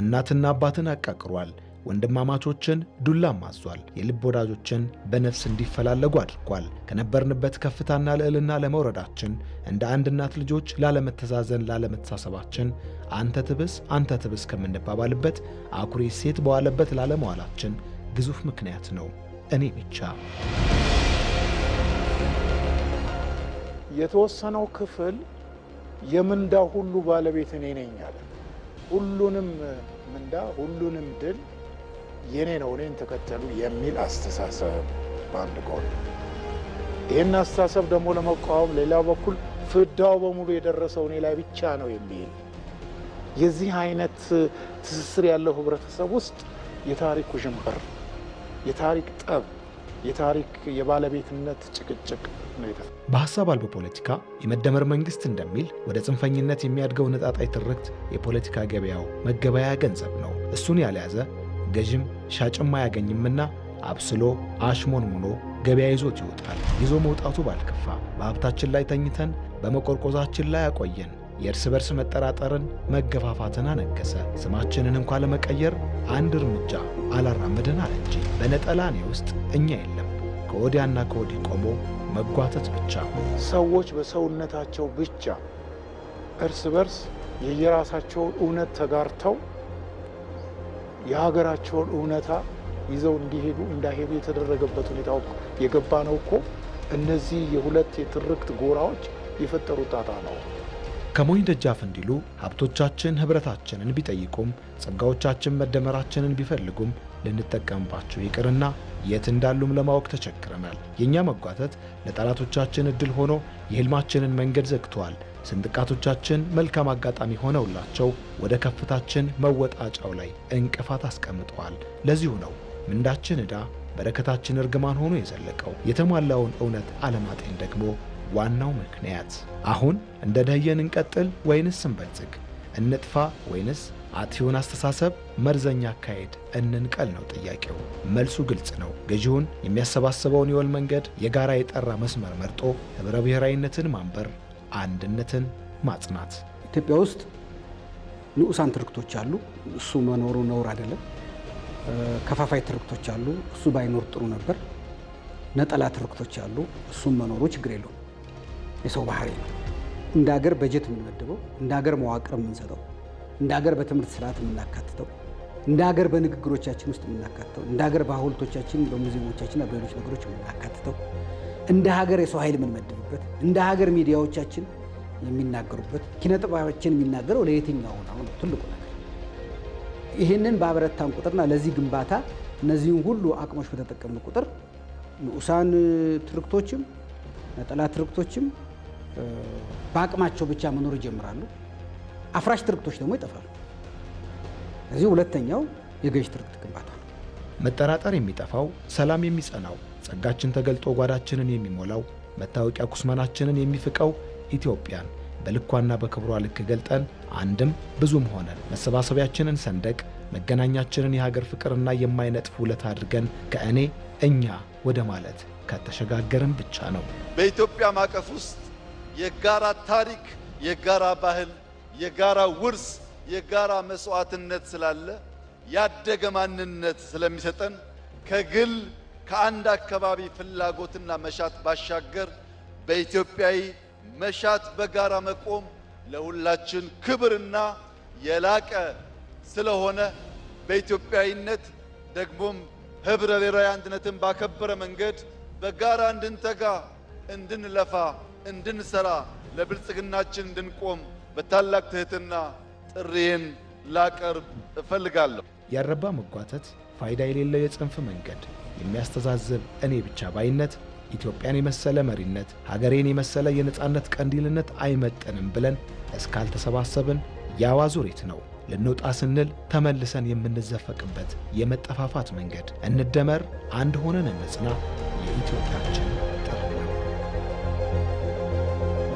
እናትና አባትን አቃቅሯል። ወንድማማቾችን ዱላም አዟል። የልብ ወዳጆችን በነፍስ እንዲፈላለጉ አድርጓል። ከነበርንበት ከፍታና ልዕልና ለመውረዳችን እንደ አንድ እናት ልጆች ላለመተዛዘን፣ ላለመተሳሰባችን አንተ ትብስ አንተ ትብስ ከምንባባልበት አኩሪ ሴት በዋለበት ላለመዋላችን ግዙፍ ምክንያት ነው እኔ ብቻ። የተወሰነው ክፍል የምንዳ ሁሉ ባለቤት እኔ ነኝ አለ። ሁሉንም ምንዳ ሁሉንም ድል የኔ ነው እኔን ተከተሉ የሚል አስተሳሰብ በአንድ ጎን፣ ይህን አስተሳሰብ ደግሞ ለመቃወም ሌላው በኩል ፍዳው በሙሉ የደረሰው እኔ ላይ ብቻ ነው የሚል የዚህ አይነት ትስስር ያለው ህብረተሰብ ውስጥ የታሪክ ውዥንብር፣ የታሪክ ጠብ የታሪክ የባለቤትነት ጭቅጭቅ ነው። በሀሳብ አልበ ፖለቲካ የመደመር መንግስት እንደሚል ወደ ጽንፈኝነት የሚያድገው ነጣጣይ ትርክት የፖለቲካ ገበያው መገበያያ ገንዘብ ነው። እሱን ያልያዘ ገዥም ሻጭም አያገኝምና አብስሎ አሽሞን ሙኖ ገበያ ይዞት ይወጣል። ይዞ መውጣቱ ባልከፋ፣ በሀብታችን ላይ ተኝተን በመቆርቆዛችን ላይ አቆየን። የእርስ በርስ መጠራጠርን፣ መገፋፋትን አነገሰ። ስማችንን እንኳ ለመቀየር አንድ እርምጃ አላራምድን አለ እንጂ በነጠላኔ ውስጥ እኛ የለም። ከወዲያና ከወዲህ ቆሞ መጓተት ብቻ። ሰዎች በሰውነታቸው ብቻ እርስ በርስ የየራሳቸውን እውነት ተጋርተው የሀገራቸውን እውነታ ይዘው እንዲሄዱ እንዳይሄዱ የተደረገበት ሁኔታ የገባ ነው እኮ። እነዚህ የሁለት የትርክት ጎራዎች የፈጠሩ ጣጣ ነው። ከሞኝ ደጃፍ እንዲሉ ሀብቶቻችን ኅብረታችንን ቢጠይቁም ጸጋዎቻችን መደመራችንን ቢፈልጉም ልንጠቀምባቸው ይቅርና የት እንዳሉም ለማወቅ ተቸግረናል። የእኛ መጓተት ለጠላቶቻችን ዕድል ሆኖ የሕልማችንን መንገድ ዘግተዋል። ስንጥቃቶቻችን መልካም አጋጣሚ ሆነውላቸው ወደ ከፍታችን መወጣጫው ላይ እንቅፋት አስቀምጠዋል። ለዚሁ ነው ምንዳችን ዕዳ በረከታችን እርግማን ሆኖ የዘለቀው። የተሟላውን እውነት አለማጤን ደግሞ ዋናው ምክንያት። አሁን እንደ ደየን እንቀጥል ወይንስ እንበልጽግ? እንጥፋ ወይንስ አጥፊውን አስተሳሰብ መርዘኛ አካሄድ እንንቀል ነው ጥያቄው። መልሱ ግልጽ ነው። ገዢውን የሚያሰባስበውን የወል መንገድ የጋራ የጠራ መስመር መርጦ ኅብረ ብሔራዊነትን ማንበር፣ አንድነትን ማጽናት። ኢትዮጵያ ውስጥ ንዑሳን ትርክቶች አሉ። እሱ መኖሩ ነውር አይደለም። ከፋፋይ ትርክቶች አሉ። እሱ ባይኖር ጥሩ ነበር። ነጠላ ትርክቶች አሉ። እሱም መኖሩ ችግር የለውም። የሰው ባህሪ ነው። እንደ ሀገር በጀት የምንመድበው፣ እንደ ሀገር መዋቅር የምንሰጠው፣ እንደ ሀገር በትምህርት ስርዓት የምናካትተው፣ እንደ ሀገር በንግግሮቻችን ውስጥ የምናካትተው፣ እንደ ሀገር በሐውልቶቻችን በሙዚየሞቻችንና በሌሎች ነገሮች የምናካትተው፣ እንደ ሀገር የሰው ኃይል የምንመድብበት፣ እንደ ሀገር ሚዲያዎቻችን የሚናገሩበት፣ ኪነጥባችን የሚናገረው ለየትኛው ነው ነው ትልቁ ነገር። ይህንን በአበረታን ቁጥርና ለዚህ ግንባታ እነዚህን ሁሉ አቅሞች በተጠቀምን ቁጥር ንዑሳን ትርክቶችም ነጠላ ትርክቶችም በአቅማቸው ብቻ መኖር ይጀምራሉ። አፍራሽ ትርክቶች ደግሞ ይጠፋሉ። እዚህ ሁለተኛው የገዥ ትርክት ግንባታ ነው። መጠራጠር የሚጠፋው፣ ሰላም የሚጸናው፣ ጸጋችን ተገልጦ ጓዳችንን የሚሞላው፣ መታወቂያ ኩስመናችንን የሚፍቀው ኢትዮጵያን በልኳና በክብሯ ልክ ገልጠን አንድም ብዙም ሆነን መሰባሰቢያችንን ሰንደቅ መገናኛችንን የሀገር ፍቅርና የማይነጥፍ ውለት አድርገን ከእኔ እኛ ወደ ማለት ከተሸጋገርን ብቻ ነው። በኢትዮጵያ ማዕቀፍ ውስጥ የጋራ ታሪክ፣ የጋራ ባህል፣ የጋራ ውርስ፣ የጋራ መስዋዕትነት ስላለ ያደገ ማንነት ስለሚሰጠን ከግል ከአንድ አካባቢ ፍላጎትና መሻት ባሻገር በኢትዮጵያዊ መሻት በጋራ መቆም ለሁላችን ክብርና የላቀ ስለሆነ በኢትዮጵያዊነት ደግሞም ህብረ ብሔራዊ አንድነትን ባከበረ መንገድ በጋራ እንድንተጋ እንድንለፋ፣ እንድንሰራ፣ ለብልጽግናችን እንድንቆም በታላቅ ትህትና ጥሪዬን ላቀርብ እፈልጋለሁ። ያረባ መጓተት፣ ፋይዳ የሌለው የጽንፍ መንገድ፣ የሚያስተዛዝብ እኔ ብቻ ባይነት፣ ኢትዮጵያን የመሰለ መሪነት፣ ሀገሬን የመሰለ የነፃነት ቀንዲልነት አይመጠንም ብለን እስካልተሰባሰብን የአዋ ዙሪት ነው። ልንወጣ ስንል ተመልሰን የምንዘፈቅበት የመጠፋፋት መንገድ። እንደመር፣ አንድ ሆነን እንጽና። የኢትዮጵያችን ጥሪ